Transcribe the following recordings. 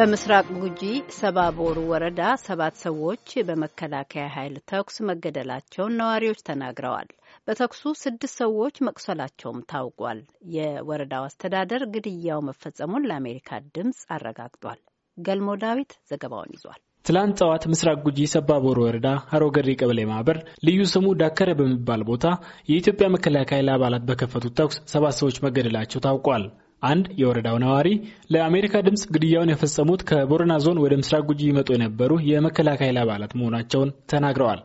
በምስራቅ ጉጂ ሰባቦሩ ወረዳ ሰባት ሰዎች በመከላከያ ኃይል ተኩስ መገደላቸውን ነዋሪዎች ተናግረዋል። በተኩሱ ስድስት ሰዎች መቁሰላቸውም ታውቋል። የወረዳው አስተዳደር ግድያው መፈጸሙን ለአሜሪካ ድምፅ አረጋግጧል። ገልሞ ዳዊት ዘገባውን ይዟል። ትላንት ጠዋት ምስራቅ ጉጂ ሰባቦር ወረዳ አሮገሪ ቀበሌ ማህበር ልዩ ስሙ ዳከረ በሚባል ቦታ የኢትዮጵያ መከላከያ አባላት በከፈቱት ተኩስ ሰባት ሰዎች መገደላቸው ታውቋል። አንድ የወረዳው ነዋሪ ለአሜሪካ ድምፅ ግድያውን የፈጸሙት ከቦረና ዞን ወደ ምስራቅ ጉጂ ይመጡ የነበሩ የመከላከያ አባላት መሆናቸውን ተናግረዋል።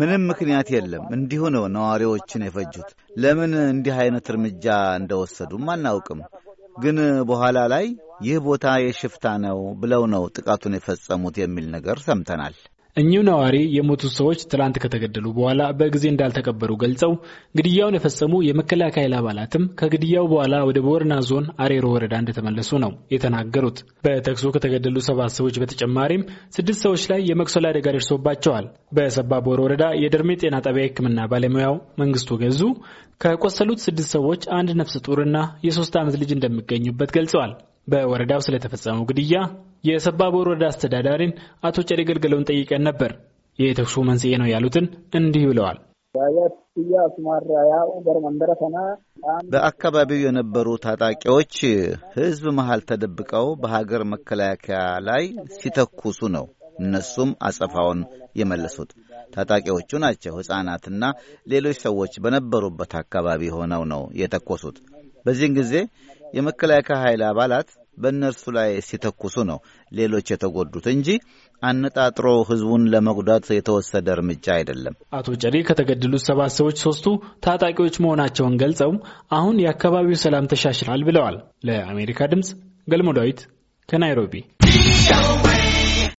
ምንም ምክንያት የለም። እንዲሁ ነው ነዋሪዎችን የፈጁት። ለምን እንዲህ አይነት እርምጃ እንደወሰዱም አናውቅም። ግን በኋላ ላይ ይህ ቦታ የሽፍታ ነው ብለው ነው ጥቃቱን የፈጸሙት የሚል ነገር ሰምተናል። እኚሁ ነዋሪ የሞቱት ሰዎች ትላንት ከተገደሉ በኋላ በጊዜ እንዳልተቀበሩ ገልጸው ግድያውን የፈጸሙ የመከላከያ ኃይል አባላትም ከግድያው በኋላ ወደ ቦረና ዞን አሬሮ ወረዳ እንደተመለሱ ነው የተናገሩት። በተኩሱ ከተገደሉ ሰባት ሰዎች በተጨማሪም ስድስት ሰዎች ላይ የመቁሰል አደጋ ደርሶባቸዋል። በሰባቦር ወረዳ የደርሜ ጤና ጣቢያ ሕክምና ባለሙያው መንግስቱ ገዙ ከቆሰሉት ስድስት ሰዎች አንድ ነፍሰ ጡርና የሶስት ዓመት ልጅ እንደሚገኙበት ገልጸዋል። በወረዳው ስለተፈጸመው ግድያ የሰባቦር ወረዳ አስተዳዳሪን አቶ ጨሬ ገልገለውን ጠይቀን ነበር። የተኩሱ መንስኤ ነው ያሉትን እንዲህ ብለዋል። በአካባቢው የነበሩ ታጣቂዎች ህዝብ መሃል ተደብቀው በሀገር መከላከያ ላይ ሲተኩሱ ነው እነሱም አጸፋውን የመለሱት ታጣቂዎቹ ናቸው። ሕፃናትና ሌሎች ሰዎች በነበሩበት አካባቢ ሆነው ነው የተኮሱት። በዚህን ጊዜ የመከላከያ ኃይል አባላት በእነርሱ ላይ ሲተኩሱ ነው ሌሎች የተጎዱት እንጂ አነጣጥሮ ህዝቡን ለመጉዳት የተወሰደ እርምጃ አይደለም። አቶ ጨሪ ከተገደሉት ሰባት ሰዎች ሶስቱ ታጣቂዎች መሆናቸውን ገልጸው አሁን የአካባቢው ሰላም ተሻሽላል ብለዋል። ለአሜሪካ ድምፅ ገልሞ ዳዊት ከናይሮቢ